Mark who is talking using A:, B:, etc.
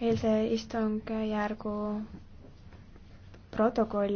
A: eilse istungjärgu protokoll